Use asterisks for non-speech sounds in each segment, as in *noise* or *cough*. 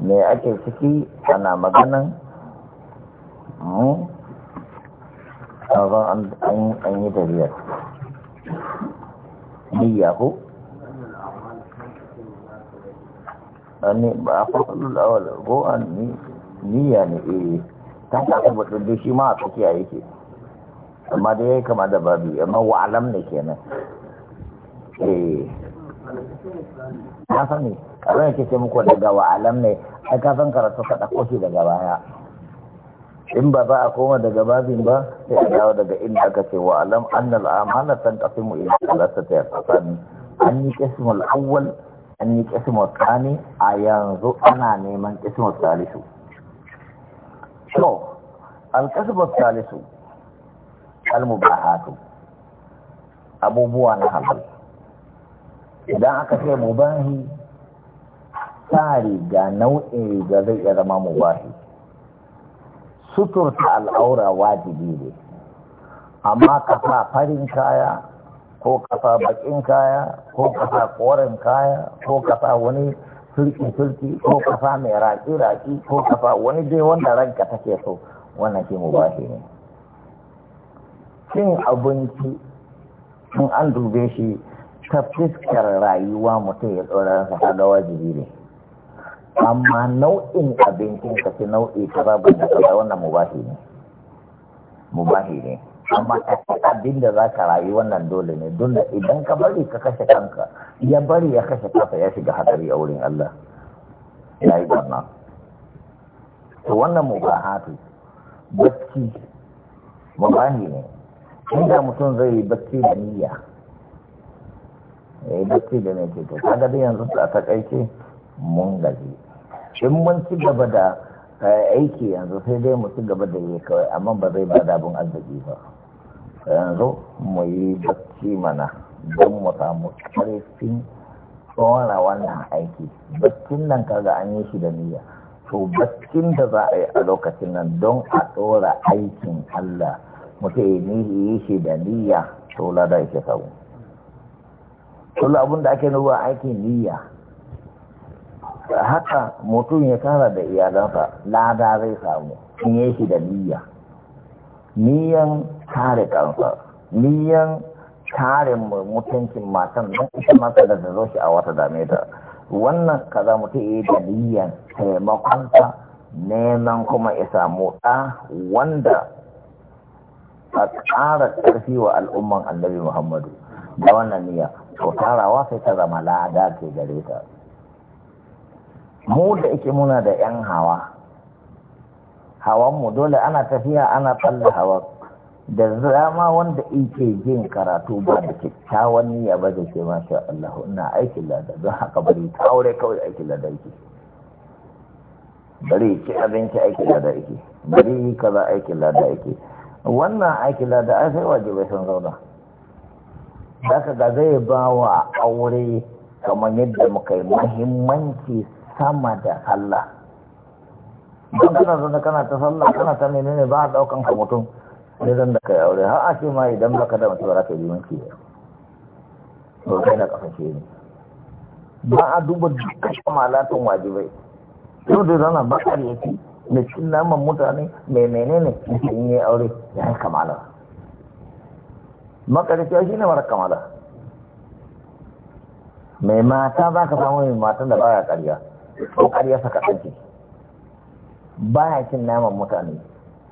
me ake ciki ana maganan mu an an yi tafiyar niyya ko ne ba a fasalul awal ko an niyya ne eh ta ta tabbatar da shi ma a tsakiya yake amma da ya kama da babu amma wa'alam ne kenan eh Na sani kaza ya ce muku daga wa'alam ne ai ka san karatu ka ɗauko shi daga baya in ba za a koma daga babin ba sai a dawo daga inda aka ce kafin mu amala tan qasimu ila thalathati sani. an yi qismul awal, an yi qismul thani a yanzu ana neman qismul salisu. so al qismul thalithu al mubahatu abubuwa na halal idan aka ce mubahi ta riga nau'in riga zai iya zama mubahi suturta al'aura wajibi ne amma ka farin kaya ko ka sa bakin kaya ko ka sa koren kaya ko ka wani turki-turki ko ka mai raki-raki ko ka wani dai wanda ranka take so wannan mu mubahi ne cin abinci in an dube shi ta fuskar rayuwa mutum ya tsoron ta ga wajibi ne amma nau'in abincin ka ce nau'i ta ba da kaza wannan mubahi ne mubahi ne amma ta abin da za ka rayu wannan dole ne don da idan ka bari ka kashe kanka ya bari ya kashe kafa ya shiga hatsari a wurin Allah ya yi barna to wannan mubahatu bacci mubahi ne inda mutum zai yi bacci da niyya ya yi bacci da ke ceto kaga dai yanzu a takaice mun gaji in mun ci gaba da eh, aiki yanzu sai dai mu ci gaba da yi kawai amma ba zai ba dabin arziki ba yanzu mu yi bacci mana don mu samu karfin tsora wannan aiki baccin nan kaga an yi shi da niyya to baccin da za a yi a lokacin nan don a tsora aikin Allah mutum ya yi shi da niyya to lada yake samu kula abun da ake nuba aikin niyya haka mutum ya kara da iyalansa lada zai samu in yi shi da niyya niyan kare kansa niyan kare mutuncin matan don ita mata da ta zo shi a wata dame ta wannan kaza mutum ya yi da niyan taimakonta neman kuma ya samu ɗa wanda a ƙara ƙarfi wa al'umman annabi muhammadu da wannan niyya to tarawa sai ta zama lada ke gare ta mu da ike muna da yan hawa hawan mu dole ana tafiya ana tsalle hawa da zama wanda ike jin karatu ba da kyakkyawan niyya ba da ke masha Allah ina aikin lada don haka bari ta aure kawai aikin lada yake bari ki abinci aikin lada yake bari kaza aikin lada yake wannan aikin lada ai sai wajibai sun zauna zaka ga zai ba wa aure kamar yadda muka yi mahimmanci sama da sallah don kana zanda kana ta sallah kana ta menene ba a daukan ka mutum ne zan da kai aure har a ce ma idan baka da mutu ba ka yi limanci ba kai na kafa ke ne ba a duba dukkan kamalatun wajibai yau da zana mai cin naman mutane mai menene in yi aure ya yi kamala makarfiya shi ne mara kamala mai mata za ka samu mai matan da ba ya karya ko karya saka ɗanci ba ya cin naman mutane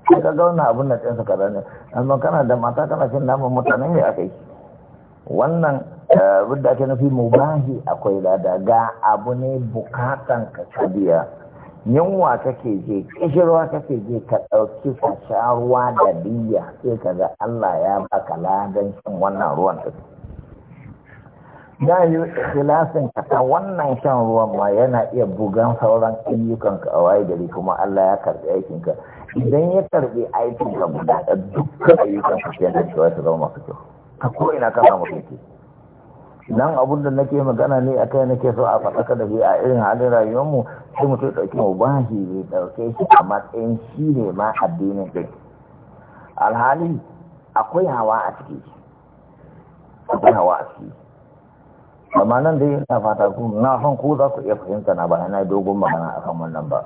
sai ka gauna abin da ɗinsa kada ne amma kana da mata kana cin naman mutane ne aka yi wannan eh, abin da ake nufi mubahi akwai lada ga abu ne bukatan ka biya yunwa take je kishirwa take je ka ɗauki ka sha ruwa da biya sai ka ga Allah ya baka ladan shan wannan ruwan da ya yi ikhlasin ka wannan shan ruwan ma yana iya bugan sauran ayyukanka a waye gari kuma Allah ya karɓi aikinka idan ya karɓi aikinka guda da dukkan ayyukanka sai da shi zama masu kyau Ka ko ina kana mutunci nan abun da nake magana ne akai nake so a faɗaka da shi a irin halin mu sai mutum ɗauki mu ba shi ne ɗauke shi a matsayin shi ne ma addinin ɗin alhali akwai hawa a ciki akwai hawa a ciki amma nan dai na fata ku na san ku za ku iya fahimta na ba na dogon magana akan wannan ba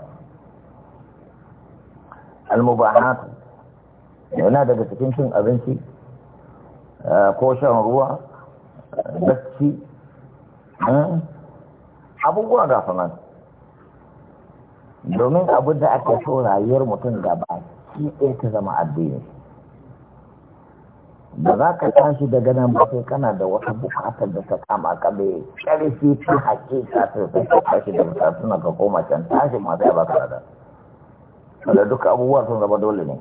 almubahat yana daga cikin cin abinci eh, ko shan ruwa bacci eh? abubuwa ga faman domin abu da ake so rayuwar mutum gaba shi ɗaya ta zama addini da za ka tashi daga nan ba sai kana da wata bukatar da ta kama ka bai ƙarfi ta hakika ta sai ka tashi da suna ka koma can tashi ma sai ba ka da duka abubuwa sun zama dole ne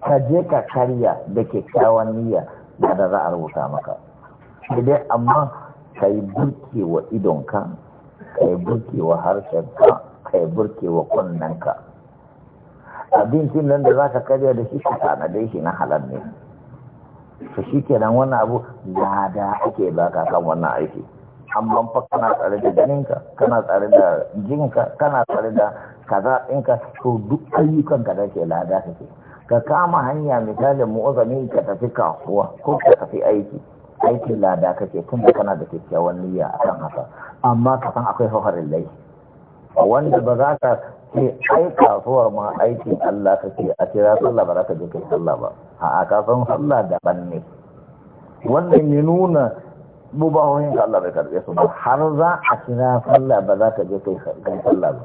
ka je ka karya da kyakkyawan niyya da za a rubuta maka sai dai amma ka yi burke wa idonka ka yi burke wa harshenka ka yi burke wa kunnenka abincin nan da za ka karya da shi ka dai shi na halar ne to shi kenan wannan abu da ake baka kan wannan aiki amma fa kana tsare da ganinka kana tsare da jinka kana tsare da kaza ɗinka to duk ayyukan ka ke lada kake ka kama hanya misalin mu'azami ka tafi kasuwa ko ka tafi aiki aikin lada kake tun da kana da kyakkyawan niyya a kan haka amma ka san akwai hauharin lai wanda ba za ka ce ai kasuwar ma aikin Allah kake a kira sallah ba za ka je kai sallah ba a ka san sallah daban ne wannan ya nuna bubahoyin ka Allah bai karbe su ba har za a kira sallah ba za ka je kai sallah ba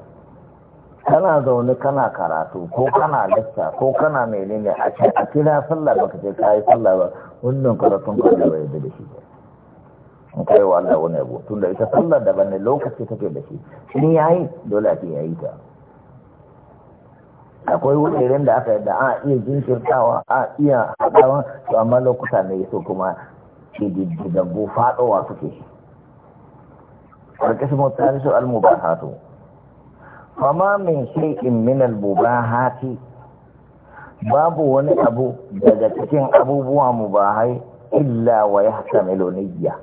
kana zaune kana karatu ko kana lissa ko kana menene a a kira sallah ka je kayi sallah ba wannan karatun kwanar bai da shi in kai wa Allah wani abu tunda ita sallar da ne lokaci take da shi in yayi dole a ce yayi ta akwai wuraren da aka yadda a iya jinkirtawa a iya haɗawa to amma lokuta ne so kuma diddigaggu faɗowa suke shi alƙasmu ta nisu almubahatu fama min shay'in min almubahati babu wani abu daga cikin abubuwa mu ba hai illa wa ya hakamilo niyya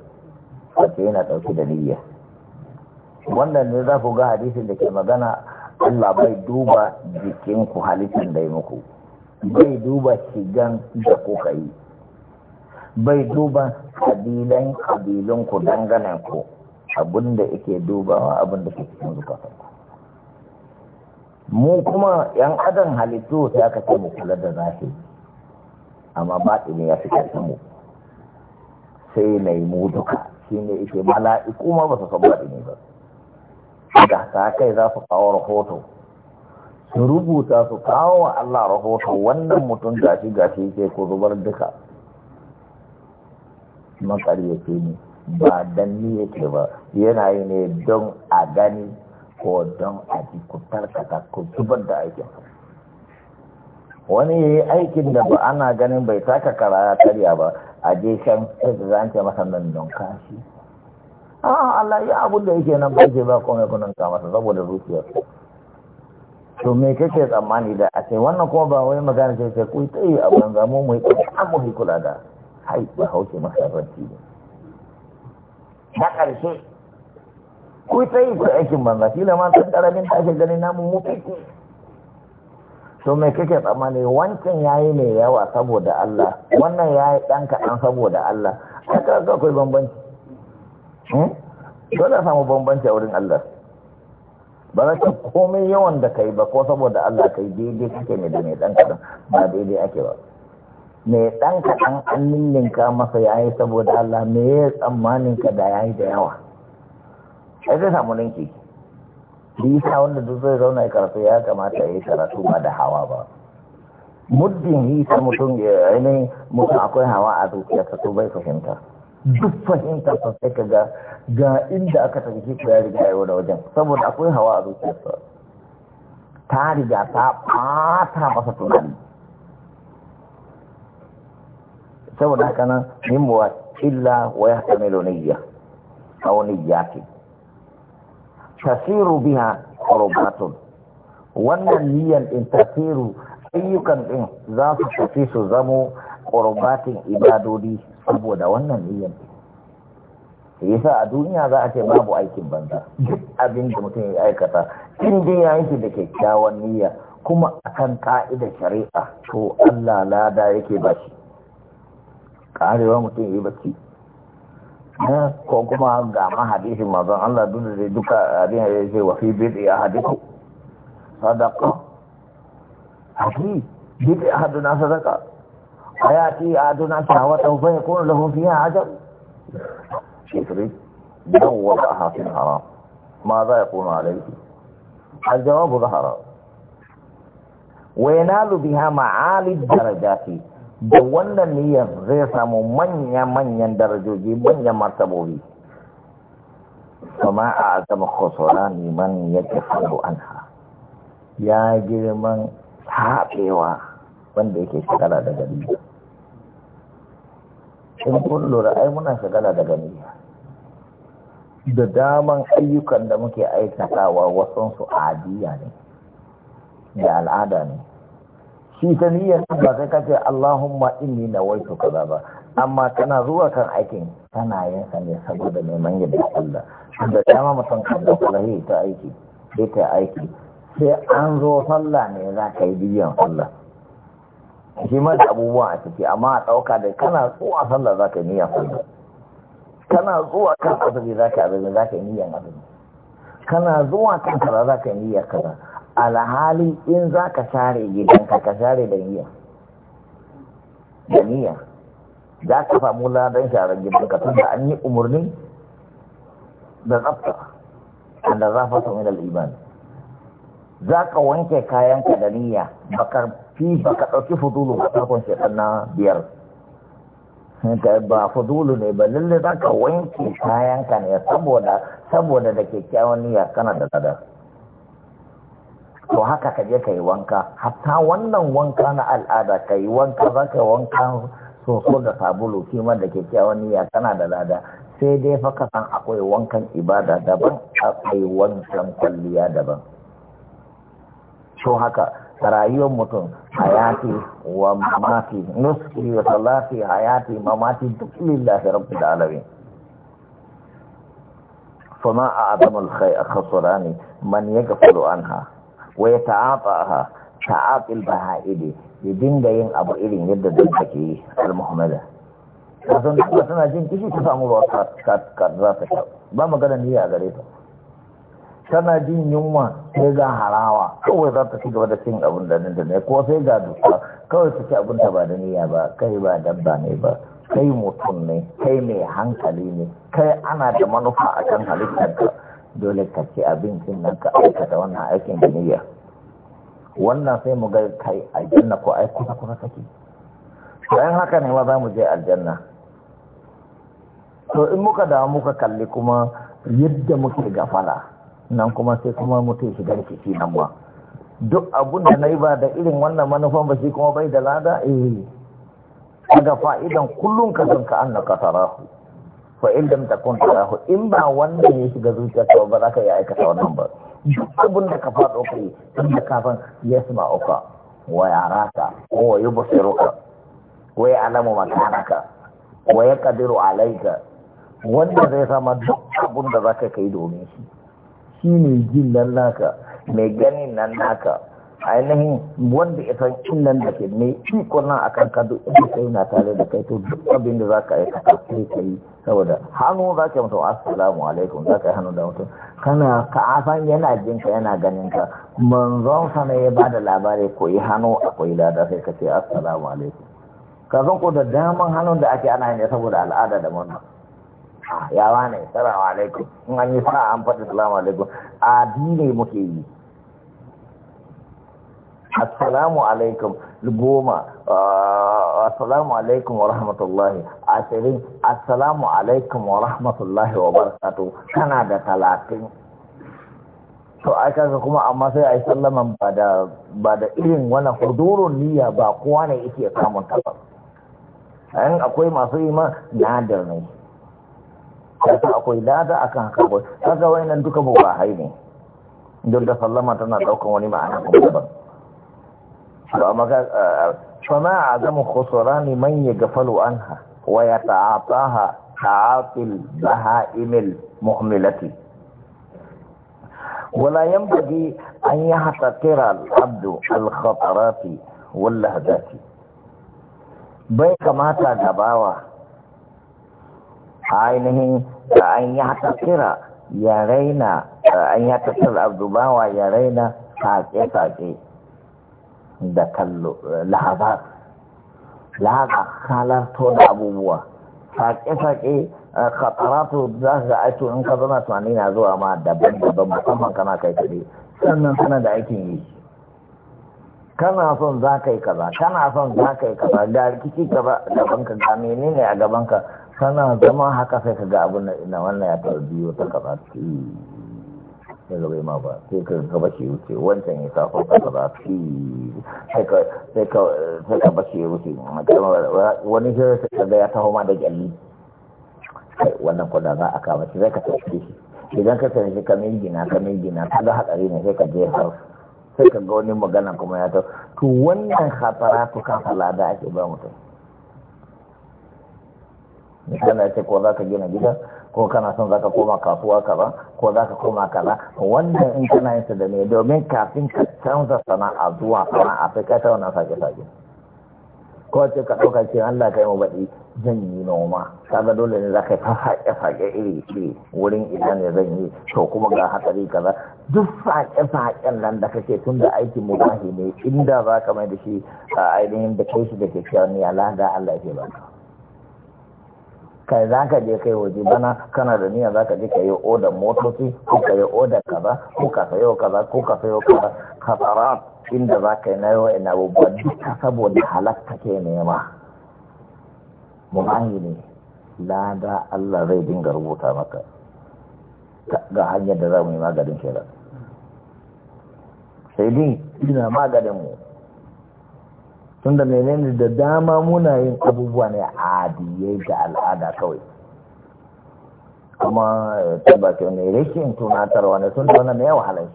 wato yana ɗauki da niyya wannan ne za ku ga hadisin da ke magana Allah bai duba jikinku halittin da ya muku bai duba shigan da kuka yi bai duba kabilan kabilunku ku, abinda yake dubawa abinda ke cikin zukatanku mu kuma yan adam halittu sai aka ce mu kula da zafi amma baɗi ne ya fi ƙarfi mu sai na yi mu duka shi ne ike mala'i kuma ba su san baɗi ne ba ga ta kai za su kawo rahoto su rubuta su kawo wa Allah rahoto wannan mutum gashi gashi ke ko zubar duka makaryaci ne ba dan ni yake ba yana yi ne don a gani ko don a ku tarkata ku zubar da aikin wani yi aikin da ba ana ganin bai taka karaya karya ba a je shan za ce masa nan don kashi a Allah ya abun da yake nan bai ce ba kome kunan ka masa saboda zuciyar to me kake tsammani da a ce wannan kuma ba wani magana ce sai ku ta yi a banza mu mu yi kula da hai ba hauke masarar ne na ƙarshe ku ta yi kuwa aikin banza shi ma tun karamin ta gani ganin namun mutu ku to mai kake tsammani wancan ya yi mai yawa saboda Allah wannan ya yi dan kaɗan saboda Allah a kaga akwai bambanci hmm? dole a samu bambanci a wurin Allah ba za ka komai yawan da ka yi ba ko saboda Allah ka yi daidai kake ne da mai dan kaɗan ba daidai ake ba mai dan kaɗan an ninninka masa ya yi saboda Allah me ya tsammanin ka da yi da yawa ai zai samu ninki bisa wanda duk zai zauna ya karatu ya kamata ya yi karatu ba da hawa ba muddin hisa mutum ya ainihin mutum akwai hawa a zuciyarsa ta tubai fahimta duk fahimta ta sai ka ga ga inda aka tafi ko ya riga yau da wajen saboda akwai hawa a zuciyarsa ta riga ta ɓata masa tunani saboda haka nan yin illa wa ya ta meloniyya a wani yaki tasiru biha rubatun wannan niyan din tasiru ayyukan din za su tafi su zamo rubatun ibadodi saboda wannan niyan yasa a duniya za a ce babu aikin banza duk abin da mutum ya aikata in dai ya yanki da kyakkyawan niyya kuma akan ka'ida shari'a to Allah lada yake ba shi karewa mutum ya yi bacci ko kuma ga ma hadisi mazan Allah duka zai duka abin ya ce wa fi bid'i ahadiku sadaqa hadi bid'i ahaduna sadaqa ayati ahaduna shahwatan fa yakunu lahu fiha ajab shifri wata hafi haram ma za yakunu alayhi الجواب ظهر وينال بها معالي darajati da wannan niyyar zai samu manya-manyan darajoji manyan martabobi kuma a azama kusura neman ya an ha ya girman haɗewa wanda yake shagala da gani in kun lura ai muna shagala da gani da daman ayyukan da muke aikatawa wasansu adiya ne da al'ada ne shi ta niyyar ba sai kace Allahumma inni nawaitu kaza ba amma kana zuwa kan aikin kana yin sa ne saboda neman yadda Allah da dama mutum kan da kulahi ta aiki sai ta aiki sai an zo sallah ne za ka yi biyan sallah shi ma da abubuwa a ciki amma a ɗauka da kana zuwa sallah za ka yi niyyar sallah kana zuwa kan azumi za ka azumi za ka yi niyyar azumi kana zuwa kan kaza za ka yi niyyar kaza alhali in za ka share gidanka ka share da niyya da niyya za ka samu ladan share gidanka tun da an yi umarni da tsafta da za fa sami da imani za ka wanke kayanka da niyya bakar fi baka ɗauki fudulu ba farkon shekar na biyar ba fudulu ne ba lalle za ka wanke kayanka ne saboda saboda da kyakkyawan niyya kana da ladar to haka ka je ka yi wanka hatta wannan wanka na al'ada ka yi wanka za ka wanka soso da sabulu kima da ke cewa niyya tana da lada sai dai fa ka san akwai wankan ibada daban akwai wankan kwalliya daban to haka rayuwar mutum hayati wa mamati nuski wa salati hayati mamati duk lillahi a alamin فما أعظم الخير خسران من يغفل عنها Wai ya ta'afaha ta'afil ya dinga yin abu irin yadda zai take yi al-muhammada sun dabba tana jin kishi ta samu ruwa za ta sha ba magana ne a gare ta tana jin yunwa sai ga harawa kawai za ta ci gaba da cin abin da nan ne ko sai ga duka kawai su ci abin da ba da niyya ba kai ba dabba ne ba kai mutum ne kai mai hankali ne kai ana da manufa a kan halittarka dole ka ce abincin nan ka aikata wannan aikin da niyya wannan sai mu ga kai aljanna ko ai kusa kuma kake bayan haka ne ma za mu je aljanna to in muka dawo muka kalli kuma yadda muke gafala nan kuma sai kuma mutu shi shiga rikici nan ma duk abun da nayi ba da irin wannan manufan ba shi kuma bai da lada eh daga fa'idan kullum ka san annaka tarahu fa in mutakon tarahu in ba wanda ya shiga ta ba za ka yi aikata wannan ba duk abin da ka faɗo kai tun da kafin yasma uka wa ka ko wa yubsiruka wa ya'lamu makanaka wa yaqdiru alaika. wanda zai sama duk abin da za ka kai domin shi shine jin nan naka mai ganin nan naka ainihin wanda ya san illan da ke ne ikon nan akan ka duk inda kai na tare da kai to duk abin da ka yi ka kai kai saboda hannu za ka mutum asalamu alaikum za ka yi hannu da mutum kana ka san yana jin ka yana ganin ka manzon sa ne ya bada labari yi hannu akwai lada sai ka ce asalamu alaikum ka zan ko da daman hannun da ake ana ne saboda al'ada da manna ah, ya wane salamu alaikum in an yi sa'a an faɗi salamu alaikum adi ne muke yi assalamu alaikum goma ah, assalamu alaikum wa rahmatullahi ashirin assalamu alaikum wa rahmatullahi wa barakatu kana da talatin to ai kaga kuma amma sai ai sallaman ba da ba da irin wannan hudurun niyya ba kowa ne yake samun tabbas an akwai masu yi ma nadar ne kasa akwai lada akan haka ba kaga wayannan duka ba hai ne don da sallama tana daukan wani ma'ana kuma daban فما عدم خسران من يغفل عنها ويتعاطاها تعاطي البهائم المهملة ولا ينبغي أن يحتقر العبد الخطرات واللهجات بين كما gabawa ainihin أن يحتقر haka kira ya raina an yi haka kira da kallo lahabar lahabar halarto da abubuwa saƙe-saƙe eh, khataratu za ga aito in ka zana tunani na zuwa ma daban-daban musamman kana kai kaɗe sannan tana da aikin yi kana son za ka yi kaza kana son za ka yi kaza ga rikici gaba ka ga menene a gaban ka. kana zama haka sai ka ga abin da wannan ya tarbiyo ta kaza hmm. sai ga bai ma ba sai ka ga bashi wuce wancan ya kafa ka ka ba fi sai ka sai ka bashi wuce wani sai ka ga ya taho ma da gyalli kai wannan kwada za a kama shi zai ka tafi shi idan ka tafi shi ka gina ka gina ka ga hatsari ne sai ka je har sai ka ga wani magana kuma ya ta to wannan hatara to kan halada ake ba mutum misali ce ko za ka gina gida ko kana son zaka koma kasuwa kaza ko zaka koma kaza wannan in kana yin da me domin kafin ka canza sana'a zuwa sana'a sai ka ta wannan sake sake ko ce ka ɗauka ce Allah kai mu baɗi zan yi noma kaga dole ne zaka ka yi fasaƙe faƙe iri ce wurin idan ne zan yi to kuma ga hatsari kaza duk faƙe faƙen nan da kake tun da aikin mu ne inda zaka mai da shi a ainihin da kai shi da kyakkyawar ne Allah da Allah ya baka kai za ka je kai waje bana kana da niyya za ka je ka yi odar motoci ko ka yi odar kaza ko ka sayo kaza ko ka sayo kaza hasara inda za ka yi na yau ina abubuwa duka saboda halatta ke nema mubahi ne lada Allah zai dinga rubuta maka ga hanyar da za mu yi maganin shirar sai dai ina maganin mu tunda menene da dama muna yin abubuwa ne adiyai da al'ada kawai kuma eh, tabbata ne rikin tunatarwa ne tunda wannan mai wahalar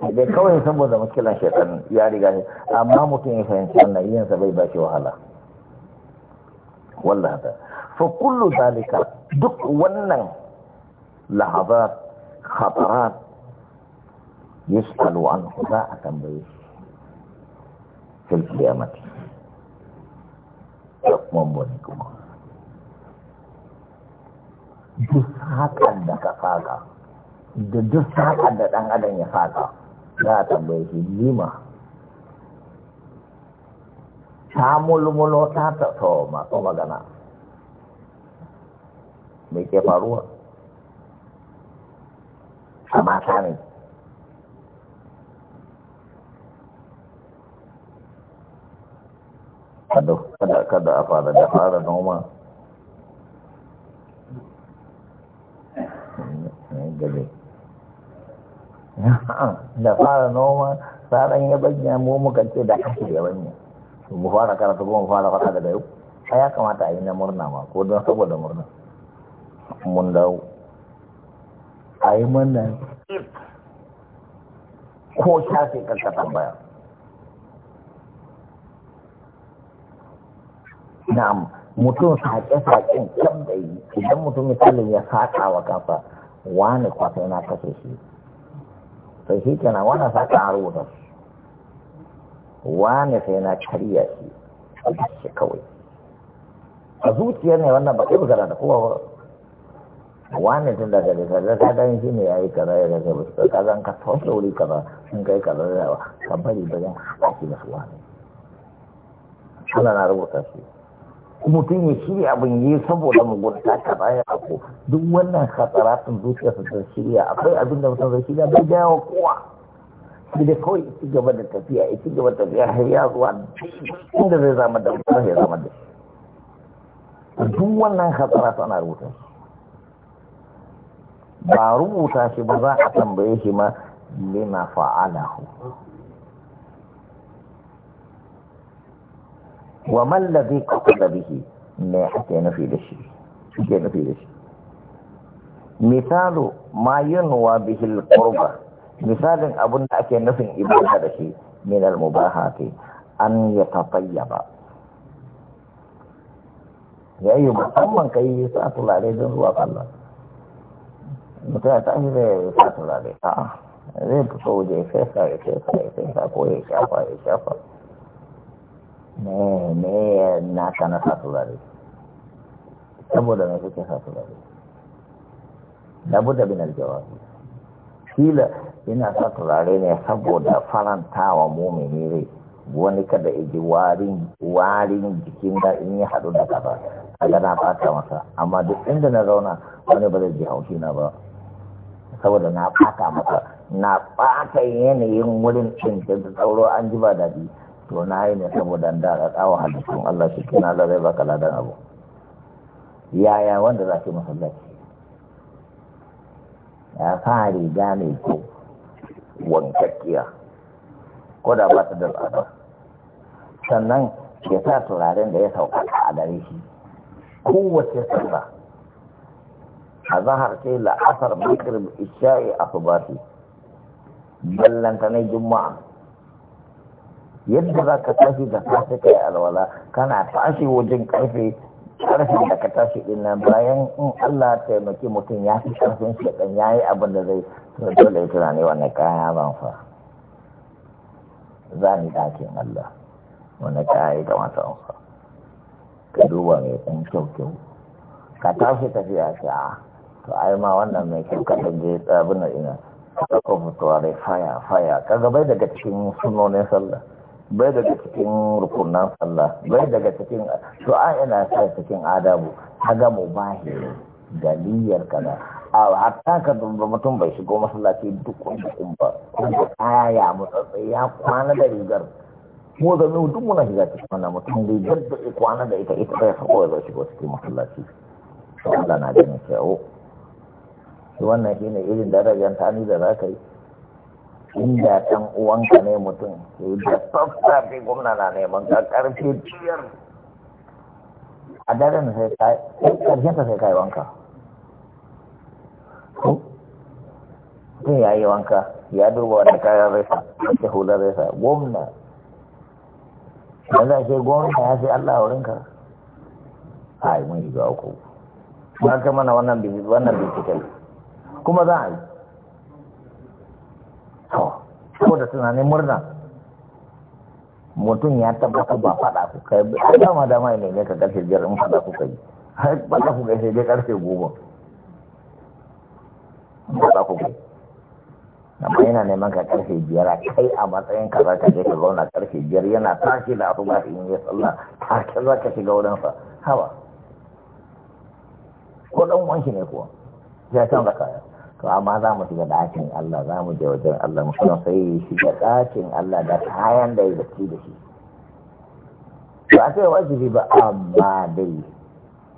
shi dai kawai saboda makilan shekan ya riga ne amma mutum ya fahimci wannan yin sa bai ba shi wahala wallah ta fa kullu zalika duk wannan lahazat khatarat yus'alu an za a tambaye shi fil qiyamati mummuni kuma duk hakan da ka saka da duk hakan da ɗan adam ya saka da a tambaye shi lima ta mulmulo ta ta ma masu magana me ke faruwa a mata ne kada kada a fara da fara noma *laughs* da fara noma tsaron ya bayyana mu muka ce da kashe ya bayyana mu fara karatu kuma fara fara daga yau a ya kamata a yi na murna ma ko don saboda murna mun dawo a yi murna ko shafe karkatar baya na'am mutum saƙe-saƙen can da yi idan mutum misalin ya saƙa wa kafa, wani kwata yana kashe shi sai shi kenan wani saƙa a rubuta wani sai na karya shi a shi kawai a zuciyar ne wannan baƙi bukara da kowa ba wani tun daga da ta dan shi ne ya yi kaza ya gaza ba su kaza ka tausa wuri kaza sun kai kaza da yawa ka bari bayan haɗa shi da su wani Allah na rubuta shi mutum ya shirya abin yi saboda mugunta ta baya ko duk wannan hatsaratun zuciya su ta shirya akwai abin da mutum zai shirya bai dawo kowa shi da kawai ci gaba da tafiya ya ci gaba da tafiya har ya zuwa inda zai zama da mutum ya zama da shi duk wannan hatsaratu ana rubuta ba rubuta shi ba za a tambaye shi ma lima fa'alahu wa mallabi kwakwa bihi me ake nufi da shi suke nufi da shi misalu ma yunwa bihil qurba misalin abun da ake nufin ibada da shi min al mubahati an ba. Ya yi musamman kai sa tulare don zuwa Allah mutum ya tashi zai sa tulare a'a zai fito waje sai sa ya sai ya sai ko ya shafa ya shafa me me na kana sa turare saboda me kake sa turare labuda bin aljawabi kila ina sa ne saboda farantawa mumini rai wani kada iji warin jikin da in yi haɗu da kafa a gana fata masa amma duk inda na zauna wani ba zai ji haushi na ba saboda na fata masa na fata yanayin wurin cin da tsauro an ji ba daɗi to na yi ne saboda da da tsawon halittun Allah shi kina da zai baka ladan abu yaya wanda za ki masallaci ya fari riga mai ko wankakkiya ko da ba ta da tsada sannan ya sa turaren da ya sauka a gare shi kowace sallah a zahar ce la'asar makar isha'i a su ballanta na juma'a yadda za ka tafi da tafi kai alwala kana tashi wajen karfe karfe da ka tashi ina bayan in Allah taimaki mutum ya fi karfin shekan ya yi abin da zai to dole ya tunani wani kaya ban fa za ni dakin Allah wani kaya ya ga an fa ka duba mai ɗan kyau kyau ka tashi tafiya shi a ah, to ai ma wannan mai kyau kaɗan je abin da ina ka fitowa dai faya faya ka gabai daga cikin sunonin sallah bai daga cikin rukunan sallah bai daga cikin Su'a ina sa cikin adabu ta ga mubahi daliyar kana a hatta ka dubba mutum bai shigo masallaci dukkan dukkan ba kuma kaya ya mutsatsi ya kwana da rigar mu da mu duk muna shiga cikin wannan mutum rigar da ya kwana da ita ita bai sako ya shigo cikin masallaci to Allah na ganin oh, sai o wannan shine irin darajar tani da zaka yi inda ɗan uwanka ne mutum da sassafe gwamna na neman ka ƙarfi biyar a daren sai kai karshen sai kai wanka ko mutum ya yi wanka ya duba wani kaya resa sa wata hular resa gwamna yanzu ake gwamna ya ce Allah wurin ka ai mun yi ga uku ba ka mana wannan bincike. kuma za a yi ko da tunanin murna mutum ya tabbata ba faɗa ku kai ba da mai ne ne ka karfe biyar in faɗa ku kai har faɗa ku kai sai dai karfe goma faɗa ku kai amma yana neman ka karfe biyar a kai a matsayin ka zaka je ka zauna karfe biyar yana tashi da abu ba in yi sallah take za ka shiga wurin fa, hawa ko dan wanki ne kuwa ya da kaya to amma za mu shiga ɗakin Allah za mu je wajen Allah musamman sai shiga dakin Allah da kayan da ya zaci da shi To a sai wajibi ba amma dai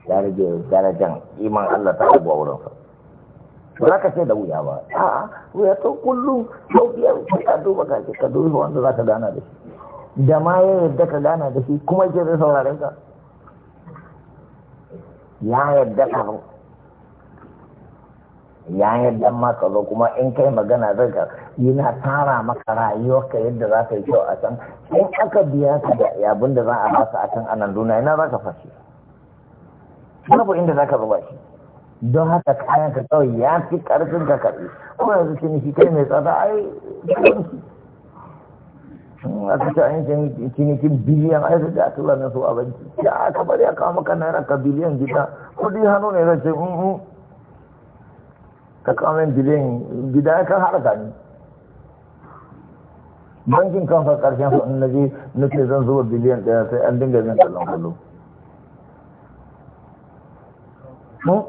daraje darajan iman Allah ta rabu wurin sa to za ka ce da wuya ba a'a wuya to kullum sau biyar ka duba ka ce ka duba wanda za ka gana da shi da ma ya yadda ka gana da shi kuma ke zai sauraren ya yadda ka ya yadda maka zo kuma in kai magana zai ka yana tara maka ka yadda za ka yi kyau a can in aka biya ka da yabin da za a baka a can a nan duniya ina za ka fashe babu inda za ka zuba shi don haka kayan ka kawai ya fi karfin ka karfi ko yanzu ciniki kai mai tsada ai aka ce an cinikin biliyan ai su da tura na su abinci ya aka ya a kawo maka naira ka biliyan gida kudi hannu ne zai ce mm, mm. ka kamin bilin gida ya kan haɗa ni bankin kan kanfa ƙarshen su na je nake zan zuba biliyan ɗaya sai an dinga zan kallon kullum hmm?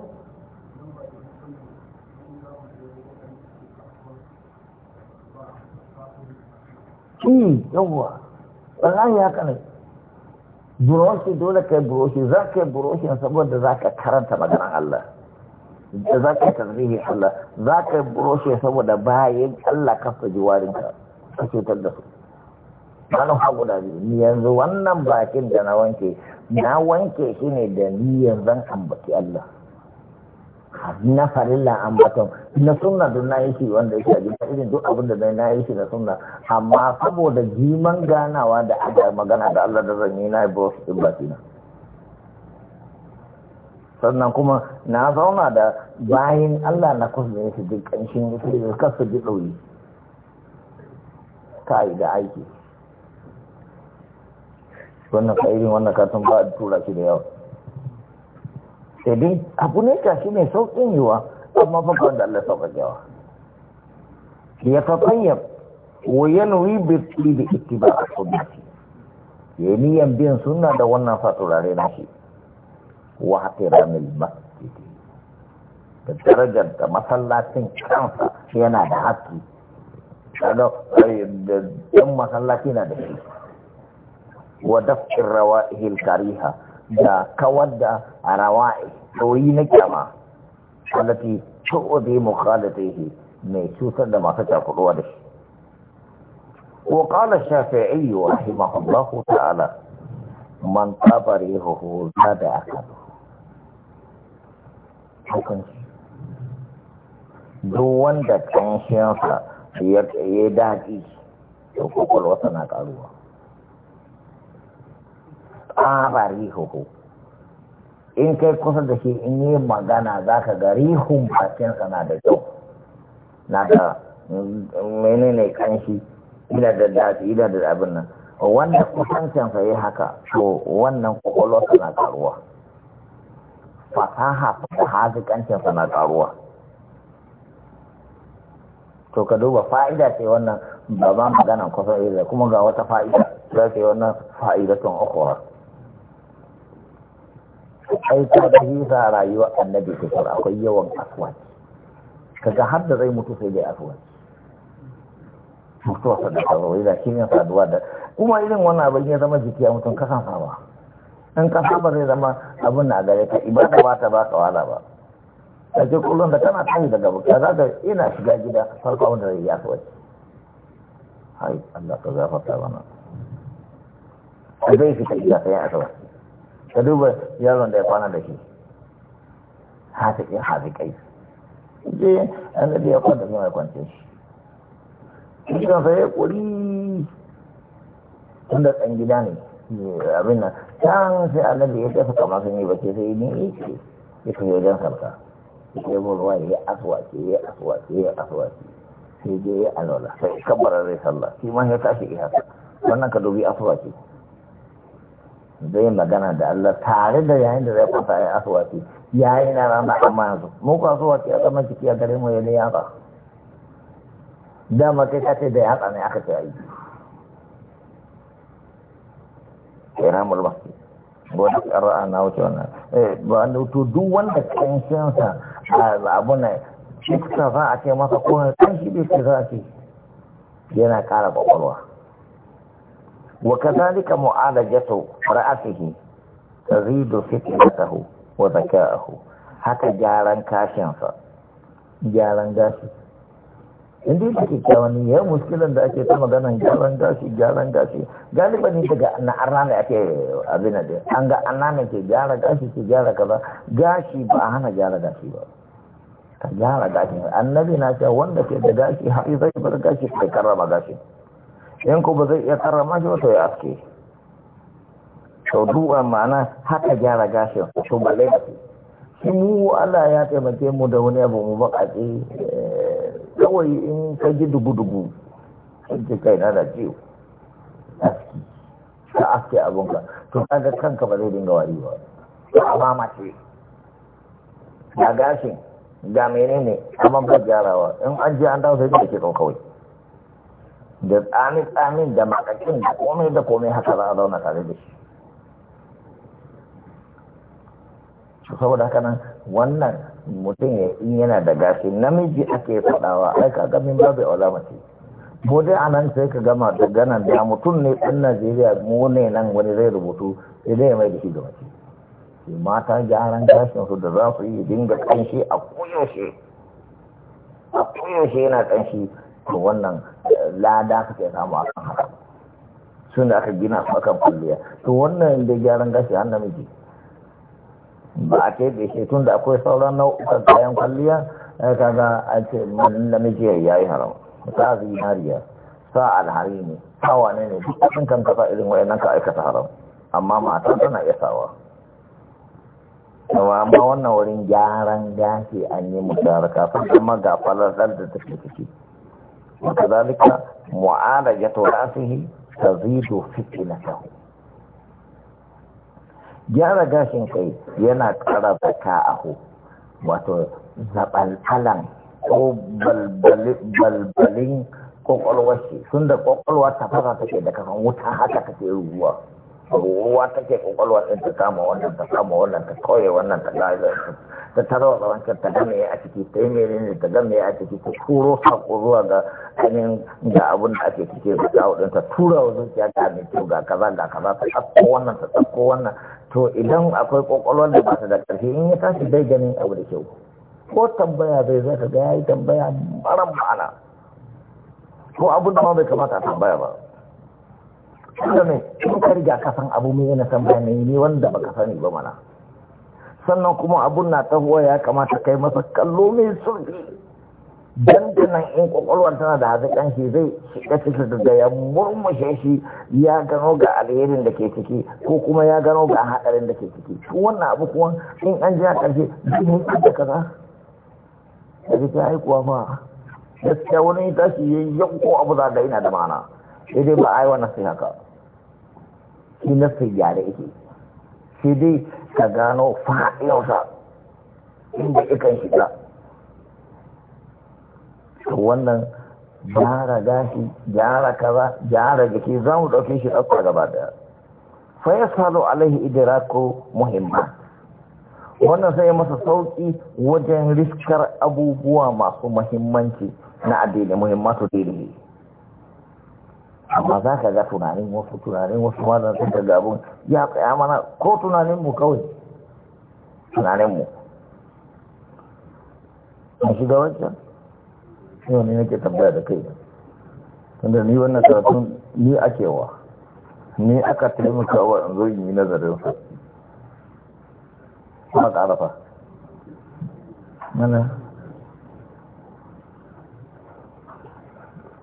Ki yawwa, wallahi haka ne, buroshi dole kai buroshi, za ka yi buroshin saboda za ka karanta maganar Allah. da za ka tarzihi Allah za ka buroshe saboda bayan Allah ka faji ka cutar da su hagu da biyu yanzu wannan bakin da na wanke na wanke shi ne da yanzu zan ambaci Allah na farilla ambaton na sunna don na yi shi wanda yake a jima irin duk abin da na yi shi na sunna amma saboda jiman ganawa da aga magana da Allah da zan yi na yi buroshe din bakina sannan kuma na zauna da bayan Allah na kusa su ji ƙanshin wuce da kasu ji ɗauri ta yi da aiki wannan ƙa'irin wannan katon ba a tura shi da yawa sai dai abu ne ka shi mai sauƙin yiwa amma ba da Allah sauƙa yawa ya tafayyar wa yanwi bi tsiri da ittiba a sunnati ya niyan biyan sunna da wannan faturare na shi wa hatiramil masjidi da darajar da masallacin kansa yana da haƙƙi kaga masallaci na da shi wa dafkin rawa'ihil kariha da kawar da rawa'i tsoyi na kyama allati tu'udi mukhalatihi mai cutar da masu cakuɗuwa da shi وقال الشافعي رحمه الله تعالى من طاب ريحه زاد أكله hukunci duk wanda kanshinsa ya ya daɗi da kwakwalwarsa na ƙaruwa ƙabari hukun in kai kusa da shi in yi magana za ka ga rihun bakinsa na da kyau na da mene ne kanshi ina da daɗi ina da abin nan Wannan kusancinsa ya haka to wannan kwakwalwa na ƙaruwa fasaha da hazikancin sana karuwa to ka duba fa'ida ce wannan ba ba magana kusa ila kuma ga wata fa'ida za wannan yi wannan fa'idatun ukhra ai ta da sa rayuwar annabi kusur akwai yawan aswaki kaga har da zai mutu sai dai aswaki mutuwa sadaka wai da shi ne saduwa da kuma irin wannan abin ya zama jiki a mutum kasan sawa in kasa ba zai zama abin na gare ka ibada ba ta baka wala ba a ce kullum da kana tsayi daga buka za ka ina shiga gida farko abin da ya ya kawai hai Allah ka zafarta mana a zai fita gida ta yi asabar ka duba yaron da ya kwana da shi hafiƙin kai je an da ya kwanta zai mai kwance shi shi kan sai ya kuri tun da tsan gida ne abin nan can sai annabi ya tafi kamar sun yi bace sai ni yake ya kai wajen sarka ya kai ruwa ya aswace ya aswace ya aswace sai je ya alwala sai kabbara zai sallah shi ma ya tashi ya haka wannan ka dubi aswace zai magana da Allah tare da yayin da zai kwanta ya aswace yayin na rana amma yanzu mu ka aswace ya zama ciki a gare mu ya ne yatsa dama kai ka ce da yatsa ne aka ce aiki ihramul masjid wani ara ana wuce wannan ba to duk wanda kanshinsa abu na cikta za a ce maka ko kan shi ce za a yana kara kokolwa wa kazalika mu'alajatu ra'asihi tazidu fitnatahu wa zakahu haka kashin sa gyaran gashi in dai take kyakkyawa ne yau muskilan da ake ta maganan gyaran gashi gyaran gashi galiba ne daga na arana ake abin da an ga arna ke gyara gashi ke gyara kaza gashi ba a hana gyara gashi ba ka gyara gashi annabi na cewa wanda ke da gashi har zai bar gashi kai karrama gashi in ko ba zai iya karrama shi ba to ya aske to duba ma'ana haka gyara gashi to ba laifi shi mu Allah ya taimake mu da wani abu mu baƙaƙe eh, kawai in ka ji dubu dubu, sun ce kai na da ciwo aski ka aske abinka to kaga kanka ba zai dinga wari ba amma mace ga gashin ga menene amma ba gyarawa in an je an dawo sai da ke kawai da tsamin tsamin da makakin da komai da komai haka za a zauna tare da shi saboda haka nan wannan mutum ya in yana da gashi namiji ake faɗawa ai ka ga min babu aula mace mu dai anan sai ka gama da gana da mutum ne ɗan Najeriya mu ne nan wani zai rubutu idan ya mai da shi ga mace mata gyaran gashin su da za su yi dinga kanshi a koyaushe a koyaushe yana kanshi to wannan eh, lada kake samu akan haka sun da aka gina su akan kulliya to wannan da gyaran gashi har namiji ba a kai shi tun da akwai sauran nau'ukan kayan kwalliya ya eh, kaga a ce namiji ya yi haram sa zinariya sa alhari ne sa wane ne duk abin kan kasa irin nan ka aikata haram amma mata tana iya sawa amma wannan wurin gyaran gashi an yi musharaka sun kuma ga falalar da take ciki wa kadalika mu'alajatu ra'sihi tazidu fitnatahu gyara gashin kai yana ƙara baka aho wato zaɓalɓalan ko balbalin kwakwalwar shi sun da kwakwalwa ta fara take da kasan wuta haka take ruwa ruwa take kwakwalwa ɗin ta kama wannan ta kama wannan ta koye wannan ta gaza ta tarwa da wancan ta game a ciki ta yi mere ne ta game a ciki ta turo haƙo zuwa ga ainihin ga abin da ake cike da ta hudun ta tura wa zuciya ga mai kyau ga kaza ga kaza ta tsakko wannan ta tsakko wannan to idan akwai kwakwalwar da ba ta da ƙarfi in ya tashi dai ganin abu da kyau ko tambaya bai zaka ga ya yi tambaya mara ma'ana ko abin da ma bai kamata a tambaya ba tunda mai in ka riga kasan abu mai yana san ne ne wanda baka sani ba mana sannan kuma abun na tahuwa ya kamata kai masa kallo mai sulhi dandanan in kwakwalwar tana da hazikan shi zai shiga cikin da ya murmushe shi ya gano ga alherin da ke ciki ko kuma ya gano ga haɗarin da ke ciki shi wannan abu kuma in an ji a ƙarshe zai yi da kaza da ke yi kuwa ma gaskiya wani ya tashi ya yanko abu za da ina da ma'ana sai dai ba a yi wannan sai haka shi nassin yare yake shi dai ka gano faɗinsa inda ikan shiga wannan gyara gashi gyara kaza gyara jiki za mu ɗauke shi ɗauka gaba daya fa ya salo alaihi idraku muhimma wannan sai masa sauƙi wajen riskar abubuwa masu muhimmanci na addini muhimmatu dini amma za ka ga tunanin wasu tunanin wasu wannan sun da abin ya tsaya mana ko tunanin mu kawai tunanin mu a shiga wancan yau ne nake tambaya da kai tunda ni wannan karatun ni ake wa ni aka taimaka wa in zo yi nazarin sa kuma ƙarafa mana